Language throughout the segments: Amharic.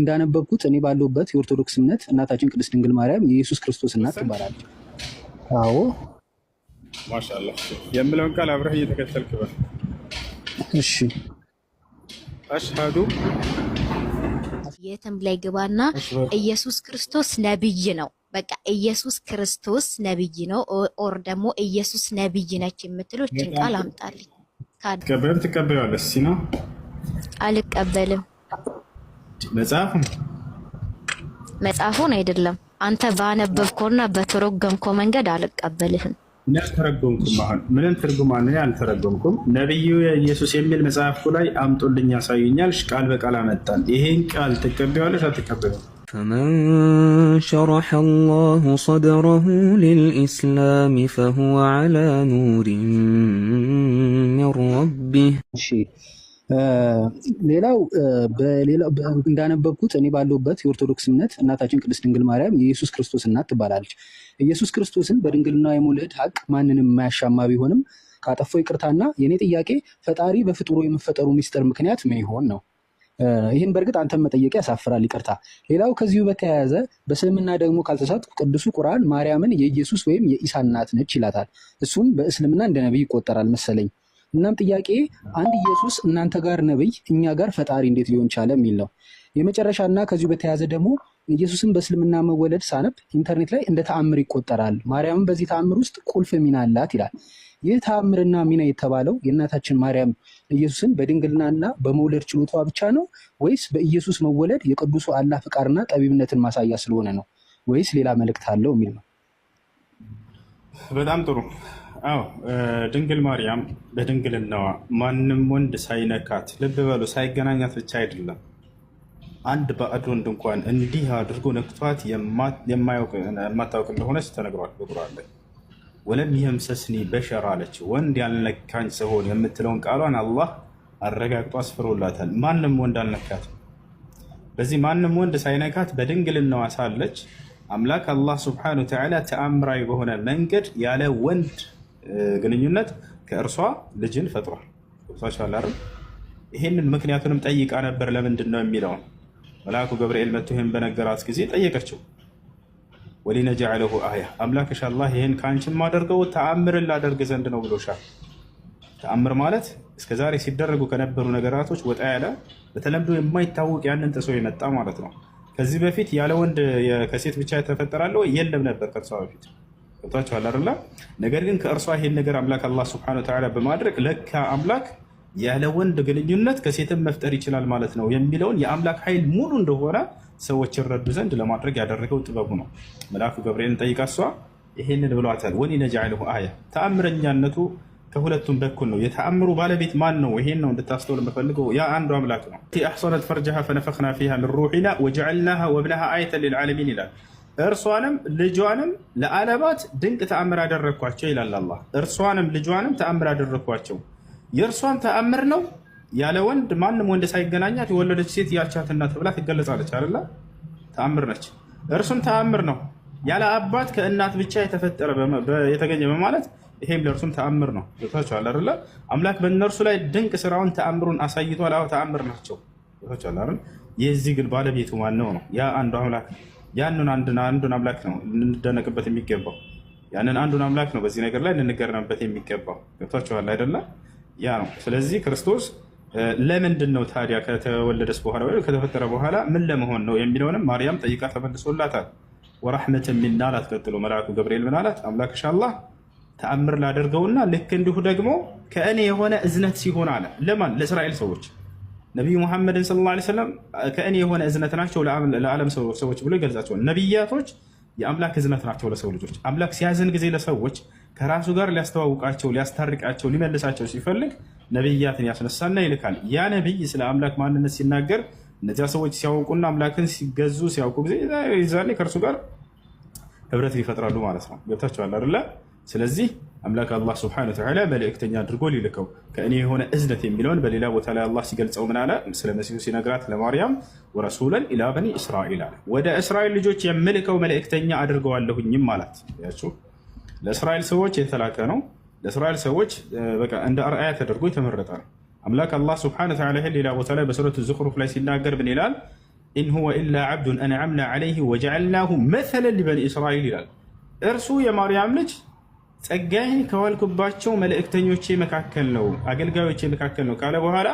እንዳነበብኩት እኔ ባለሁበት የኦርቶዶክስ እምነት እናታችን ቅድስት ድንግል ማርያም የኢየሱስ ክርስቶስ እናት ትባላለች። አዎ ማሻላ የምለውን ቃል አብረህ እየተከተልክ በል። እሺ አሽሃዱ የትም ላይ ግባና ኢየሱስ ክርስቶስ ነብይ ነው። በቃ ኢየሱስ ክርስቶስ ነብይ ነው፣ ኦር ደግሞ ኢየሱስ ነብይ ነች የምትለው ይህችን ቃል አምጣልኝ። ቀበል ትቀበያለሽ ሲና? አልቀበልም መጽሐፉን መጽሐፉን አይደለም አንተ ባነበብከውና በተረጎምከው መንገድ አልቀበልህም። አልተረጎምኩም። አሁን ምንም ትርጉም አለ አልተረጎምኩም። ነቢዩ ኢየሱስ የሚል መጽሐፍኩ ላይ አምጦልኝ ያሳዩኛል። ቃል በቃል አመጣል። ይሄን ቃል ትቀበያለሽ አትቀበያለሽ? فمن شرح الله صدره للإسلام فهو على نور من ربه ሌላው እንዳነበብኩት እኔ ባለሁበት የኦርቶዶክስ እምነት እናታችን ቅድስት ድንግል ማርያም የኢየሱስ ክርስቶስ እናት ትባላለች። ኢየሱስ ክርስቶስን በድንግልና የመውለድ ሀቅ ማንንም የማያሻማ ቢሆንም ካጠፋው ይቅርታና፣ የእኔ ጥያቄ ፈጣሪ በፍጡሩ የመፈጠሩ ሚስጥር ምክንያት ምን ይሆን ነው። ይህን በእርግጥ አንተን መጠየቅ ያሳፍራል፣ ይቅርታ። ሌላው ከዚሁ በተያያዘ በእስልምና ደግሞ ካልተሳትኩ ቅዱሱ ቁርአን ማርያምን የኢየሱስ ወይም የኢሳ እናት ነች ይላታል። እሱም በእስልምና እንደ ነቢይ ይቆጠራል መሰለኝ። እናም ጥያቄ አንድ ኢየሱስ እናንተ ጋር ነብይ፣ እኛ ጋር ፈጣሪ እንዴት ሊሆን ቻለ የሚል ነው። የመጨረሻና ከዚሁ በተያያዘ ደግሞ ኢየሱስን በእስልምና መወለድ ሳነብ ኢንተርኔት ላይ እንደ ተአምር ይቆጠራል፣ ማርያምን በዚህ ተአምር ውስጥ ቁልፍ ሚና አላት ይላል። ይህ ተአምርና ሚና የተባለው የእናታችን ማርያም ኢየሱስን በድንግልናና በመውለድ ችሎቷ ብቻ ነው ወይስ በኢየሱስ መወለድ የቅዱሱ አላህ ፍቃርና ጠቢብነትን ማሳያ ስለሆነ ነው ወይስ ሌላ መልእክት አለው የሚል ነው። በጣም ጥሩ አዎ ድንግል ማርያም በድንግልናዋ ማንም ወንድ ሳይነካት፣ ልብ በሉ ሳይገናኛት ብቻ አይደለም፣ አንድ ባዕድ ወንድ እንኳን እንዲህ አድርጎ ነክቷት የማታውቅ እንደሆነች ተነግሯል በቁርአን ላይ። ወለም የምሰስኒ በሸር አለች፣ ወንድ ያልነካኝ ስሆን የምትለውን ቃሏን አላህ አረጋግጦ አስፍሮላታል። ማንም ወንድ አልነካትም። በዚህ ማንም ወንድ ሳይነካት በድንግልናዋ ሳለች አምላክ አላህ ስብሐነሁ ወተዓላ ተአምራዊ በሆነ መንገድ ያለ ወንድ ግንኙነት ከእርሷ ልጅን ፈጥሯል። ሶሻላር ይሄንን ምክንያቱንም ጠይቃ ነበር፣ ለምንድን ነው የሚለውን መልአኩ ገብርኤል መጥቶ ይህን በነገራት ጊዜ ጠየቀችው። ወሊነጃለሁ አያ አምላክሽ አላህ ይህን ከአንቺም ማደርገው ተአምር ላደርግ ዘንድ ነው ብሎሻል። ተአምር ማለት እስከዛሬ ሲደረጉ ከነበሩ ነገራቶች ወጣ ያለ በተለምዶ የማይታወቅ ያንን ጥሶ የመጣ ማለት ነው። ከዚህ በፊት ያለ ወንድ ከሴት ብቻ ተፈጠራለ የለም ነበር ከእርሷ በፊት ገብቷችኋል አይደለ? ነገር ግን ከእርሷ ይሄን ነገር አምላክ አላህ ሱብሐነሁ ወተዓላ በማድረግ ለካ አምላክ ያለ ወንድ ግንኙነት ከሴትም መፍጠር ይችላል ማለት ነው የሚለውን የአምላክ ኃይል ሙሉ እንደሆነ ሰዎች ይረዱ ዘንድ ለማድረግ ያደረገው ጥበቡ ነው። መልአኩ ገብርኤልን ጠይቃ እሷ ይሄንን ብሏታል። ወኒ ነጅዐልሁ አያ ተአምረኛነቱ ከሁለቱም በኩል ነው። የተአምሩ ባለቤት ማን ነው? ይሄን ነው እንድታስተውል የምፈልገው። ያ አንዱ አምላክ ነው። አሕሰነት ፈርጀሃ ፈነፈኽና ፊሃ ምን ሩሒና ወጀዐልናሃ ወብነሃ አየተን ሊልዓለሚን ይላል እርሷንም ልጇንም ለዓለማት ድንቅ ተአምር አደረግኳቸው ይላል አላህ። እርሷንም ልጇንም ተአምር አደረግኳቸው። የእርሷን ተአምር ነው ያለ ወንድ ማንም ወንድ ሳይገናኛት የወለደች ሴት ያቻትና ተብላ ትገለጻለች አለ። ተአምር ነች። እርሱም ተአምር ነው ያለ አባት ከእናት ብቻ የተፈጠረ የተገኘ በማለት ይሄም ለእርሱም ተአምር ነው። ገብቷቸዋል አለ አምላክ በእነርሱ ላይ ድንቅ ስራውን ተአምሩን አሳይቷል። ተአምር ናቸው። ገብቷቸዋል አይደል? የዚህ ግን ባለቤቱ ማነው ነው? ያ አንዱ አምላክ ያንን አንዱን አምላክ ነው ልንደነቅበት የሚገባው። ያንን አንዱን አምላክ ነው በዚህ ነገር ላይ ልንገረምበት የሚገባው። ገብቷችኋል አይደለም? ያ ነው። ስለዚህ ክርስቶስ ለምንድን ነው ታዲያ ከተወለደስ በኋላ ወይም ከተፈጠረ በኋላ ምን ለመሆን ነው የሚለውንም ማርያም ጠይቃ ተመልሶላታል። ወራሕመትን ሚና አላት። ቀጥሎ መልአኩ ገብርኤል ምን አላት? አምላክ ሻላ ተአምር ላደርገውና ልክ እንዲሁ ደግሞ ከእኔ የሆነ እዝነት ሲሆን አለ ለማን ለእስራኤል ሰዎች ነቢዩ ሙሐመድን ሰለላሁ ዓለይሂ ወሰለም ከእኔ የሆነ እዝነት ናቸው ለዓለም ሰዎች ብሎ ይገልጻቸዋል። ነቢያቶች የአምላክ እዝነት ናቸው ለሰው ልጆች። አምላክ ሲያዝን ጊዜ ለሰዎች ከራሱ ጋር ሊያስተዋውቃቸው፣ ሊያስታርቃቸው፣ ሊመልሳቸው ሲፈልግ ነቢያትን ያስነሳና ይልካል። ያ ነቢይ ስለ አምላክ ማንነት ሲናገር እነዚያ ሰዎች ሲያውቁና አምላክን ሲገዙ ሲያውቁ ጊዜ ዛኔ ከእርሱ ጋር ህብረትን ይፈጥራሉ ማለት ነው። ገብታችኋል አይደለ? ስለዚህ አምላክ አላህ ስብሐነሁ ወተዓላ መልእክተኛ አድርጎ ሊልከው ከእኔ የሆነ እዝነት የሚለውን በሌላ ቦታ ላይ አላህ ሲገልጸው ምን አለ? ስለ መሲሁ ሲነግራት ለማርያም ወረሱለን ኢላ በኒ እስራኤል አለ። ወደ እስራኤል ልጆች የምልከው መልእክተኛ አድርገዋለሁኝም አላት። ለእስራኤል ሰዎች የተላከ ነው። ለእስራኤል ሰዎች በቃ እንደ አርአያ ተደርጎ የተመረጠ ነው። አምላክ አላህ ስብሐነሁ ወተዓላ ይህን ሌላ ቦታ ላይ በሱረቱ ዙኽሩፍ ላይ ሲናገር ምን ይላል? ኢን ሁወ ኢላ ዓብዱን አንዓምና ዓለይህ ወጀዐልናሁ መሰለን ሊበኒ እስራኤል ይላል። እርሱ የማርያም ልጅ ጸጋዬን ከዋልኩባቸው መልእክተኞቼ መካከል ነው አገልጋዮቼ መካከል ነው ካለ በኋላ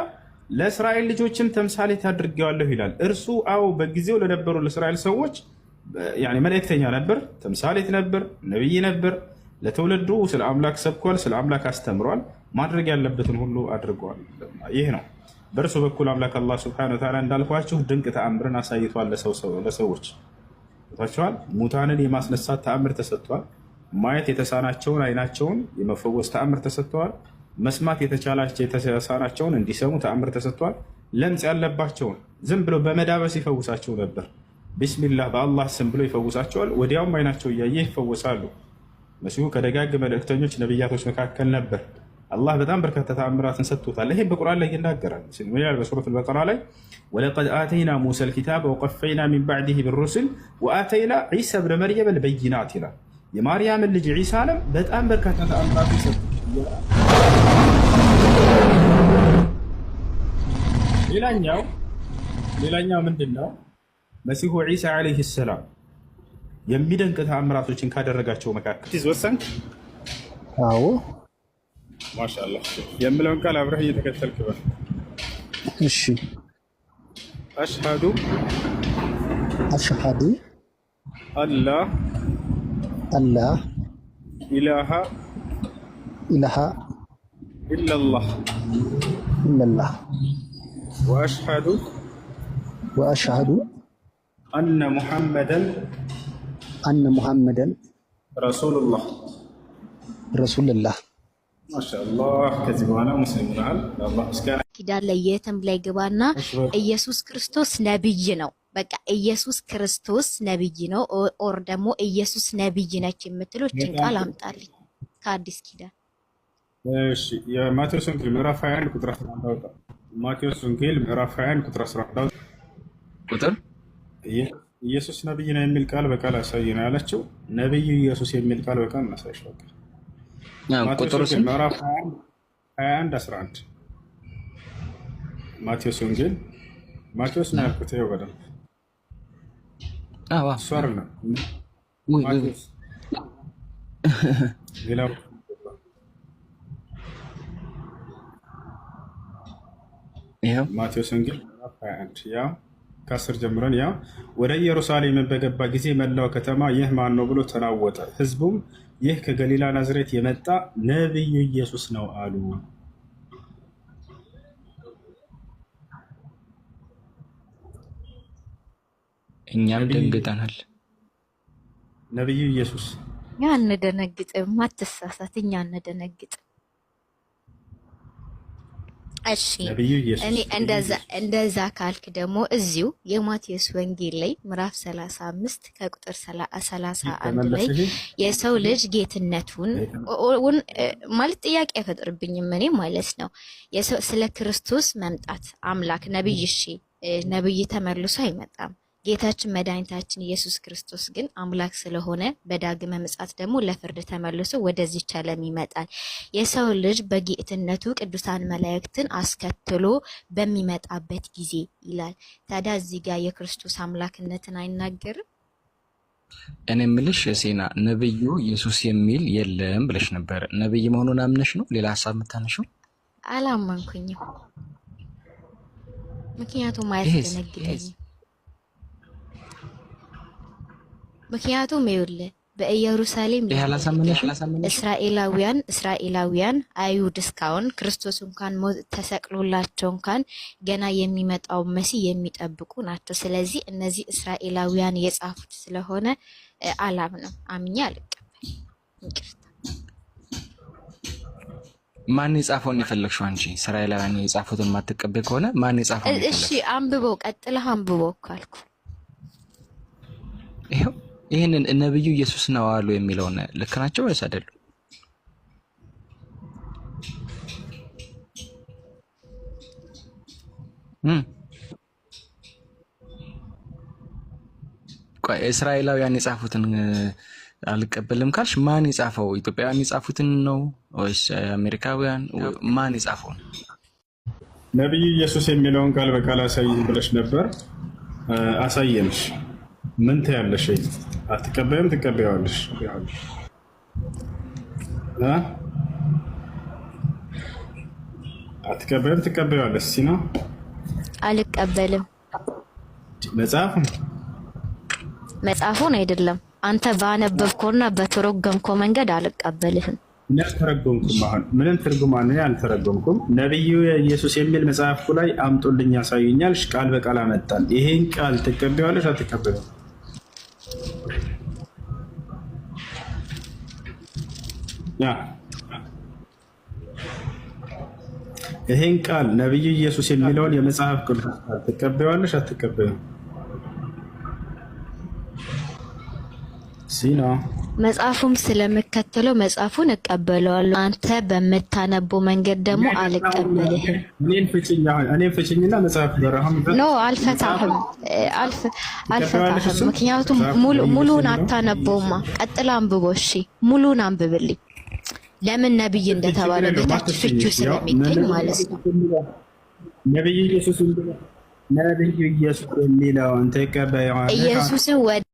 ለእስራኤል ልጆችም ተምሳሌት ታድርጌዋለሁ ይላል። እርሱ አዎ በጊዜው ለነበሩ ለእስራኤል ሰዎች መልእክተኛ ነበር፣ ተምሳሌት ነበር፣ ነብይ ነበር። ለትውልዱ ስለ አምላክ ሰብኳል፣ ስለ አምላክ አስተምሯል። ማድረግ ያለበትን ሁሉ አድርጓል። ይህ ነው በእርሱ በኩል አምላክ አላህ ስብሐነሁ ወተዓላ እንዳልኳችሁ ድንቅ ተአምርን አሳይቷል ለሰዎች ታቸዋል ሙታንን የማስነሳት ተአምር ተሰጥቷል። ማየት የተሳናቸውን አይናቸውን የመፈወስ ተአምር ተሰጥተዋል። መስማት የተሳናቸውን እንዲሰሙ ተአምር ተሰጥተዋል። ለምጽ ያለባቸውን ዝም ብሎ በመዳበስ ይፈውሳቸው ነበር። ቢስሚላህ በአላህ ስም ብሎ ይፈውሳቸዋል። ወዲያውም አይናቸው እያየ ይፈወሳሉ። መሲሁ ከደጋግ መልእክተኞች ነቢያቶች መካከል ነበር። አላህ በጣም በርካታ ተአምራትን ሰጥቶታል። ይህም በቁርአን ላይ ይናገራል። ይላል በሱረቱል በቀራ ላይ ወለቀድ አተይና ሙሳ ልኪታብ ወቀፈይና ሚን ባዕድህ ብሩስል ወአተይና ዒሳ ብነ መርየም ልበይናት ይላል የማርያምን ልጅ ዒሳ አለም በጣም በርካታ ተአምራት ሰጡ። ሌላኛው ሌላኛው ምንድን ነው? መሲሁ ዒሳ ዓለይህ ሰላም የሚደንቅ ተአምራቶችን ካደረጋቸው መካከል ወሰንክ? አዎ ማሻላ የምለውን ቃል አብረህ እየተከተልክ በል። እሺ አሽሃዱ አሽሃዱ አላ አላህ ኢላሃ ኢላሃ ኢለላህ ኢለላህ ወአሽሀዱ ወአሽሀዱ አነ ሙሐመደን አነ ሙሐመደን ረሱሉላህ ረሱሉላህ። ማሻአላህ። ከዚህ በኋላ ሙስሊም ኪዳን ላይ የትም ላይ ግባና ኢየሱስ ክርስቶስ ነብይ ነው በቃ ኢየሱስ ክርስቶስ ነብይ ነው ኦር ደግሞ ኢየሱስ ነብይ ነች የምትሉ እችን ቃል አምጣልኝ ከአዲስ ኪዳን። እሺ የማቴዎስ ወንጌል ምዕራፍ 21 ቁጥር 11 አውጣ። ማቴዎስ ወንጌል ምዕራፍ 21 ቁጥር 11 አውጣ። ቁጥር ኢየሱስ ነብይ ነው የሚል ቃል በቃል አሳይ ነው ያለችው። ነብይ ኢየሱስ የሚል ቃል በቃል እናሳይሽ። በቃ ማቴዎስ ወንጌል ምዕራፍ 21 11 ማቴዎስ ወንጌል ማቴዎስ ነው ያልኩት ይኸው በደምብ እሱ አይደለም ሌላው ማቴዎስ ወንጌል ያው ከአስር ጀምረን ያው ወደ ኢየሩሳሌምን በገባ ጊዜ መላው ከተማ ይህ ማን ነው ብሎ ተናወጠ። ህዝቡም ይህ ከገሊላ ናዝሬት የመጣ ነቢዩ ኢየሱስ ነው አሉ። እኛም ደንግጠናል። ነቢዩ ኢየሱስ እኛ እንደነግጥም፣ አትሳሳት። እኛ እንደነግጥ። እሺ እኔ እንደዛ ካልክ ደግሞ እዚሁ የማቴዎስ ወንጌል ላይ ምዕራፍ 35 ከቁጥር 31 ላይ የሰው ልጅ ጌትነቱን ማለት ጥያቄ አይፈጥርብኝም እኔ ማለት ነው። ስለ ክርስቶስ መምጣት አምላክ ነብይ፣ እሺ ነብይ ተመልሶ አይመጣም ጌታችን መድኃኒታችን ኢየሱስ ክርስቶስ ግን አምላክ ስለሆነ በዳግመ ምጽአት ደግሞ ለፍርድ ተመልሶ ወደዚህ ዓለም ይመጣል። የሰው ልጅ በጌትነቱ ቅዱሳን መላእክትን አስከትሎ በሚመጣበት ጊዜ ይላል። ታዲያ እዚህ ጋር የክርስቶስ አምላክነትን አይናገርም? እኔ ምልሽ ሴና ነብዩ ኢየሱስ የሚል የለም ብለሽ ነበር። ነብይ መሆኑን አምነሽ ነው ሌላ ሀሳብ የምታነሽው? አላመንኩኝም። ምክንያቱም ማየት ምክንያቱም ይውል በኢየሩሳሌም እስራኤላውያን እስራኤላውያን አይሁድ እስካሁን ክርስቶስ እንኳን ሞት ተሰቅሎላቸው እንኳን ገና የሚመጣው መሲ የሚጠብቁ ናቸው። ስለዚህ እነዚህ እስራኤላውያን የጻፉት ስለሆነ አላም ነው አምኛ አልቀበል። ማን የጻፈውን የፈለግሽው አንቺ? እስራኤላውያን የጻፉትን የማትቀበል ከሆነ ማን የጻፈው? እሺ አንብበው፣ ቀጥለህ አንብበው እኮ አልኩ። ይህንን እነብዩ ኢየሱስ ነው አሉ የሚለውን ልክ ናቸው ወይስ አይደሉም? እስራኤላውያን የጻፉትን አልቀበልም ካልሽ ማን የጻፈው? ኢትዮጵያውያን የጻፉትን ነው ወይስ አሜሪካውያን? ማን የጻፈው? ነው? ነቢዩ ኢየሱስ የሚለውን ቃል በቃል አሳይ ብለሽ ነበር፣ አሳየንሽ። ምን ትያለሽ? አትቀበይም? ትቀበያዋለሽ። አትቀበይም? ትቀበያዋለሽ። ሲና አልቀበልም። መጽሐፉን መጽሐፉን አይደለም አንተ ባነበብከውና በተረጎምከው መንገድ አልቀበልህም። ምን አልተረጎምኩም? አሁን ምንም ትርጉም አልተረጎምኩም። ነቢዩ ኢየሱስ የሚል መጽሐፍኩ ላይ አምጦልኝ ያሳዩኛል። ቃል በቃል አመጣል። ይሄን ቃል ትቀበያዋለሽ? አትቀበልም ይህን ቃል ነቢዩ ኢየሱስ የሚለውን የመጽሐፍ ቅዱስ ቃል ትቀበዋለሽ? አትቀበዩ? ሲና መጽሐፉም ስለምከተለው መጽሐፉን እቀበለዋለሁ። አንተ በምታነቡ መንገድ ደግሞ አልቀበልህም። እኔም ፍችኝና መጽሐፍ ኖ አልፈታህም፣ አልፈታህም። ምክንያቱም ሙሉን አታነበውማ። ቀጥላ አንብቦ። እሺ ሙሉን አንብብልኝ ለምን ነብይ እንደተባለ በታች ፍቹ ስለሚገኝ ማለት ነው። ነብዩ ኢየሱስ የሚለውን ኢየሱስን ወደ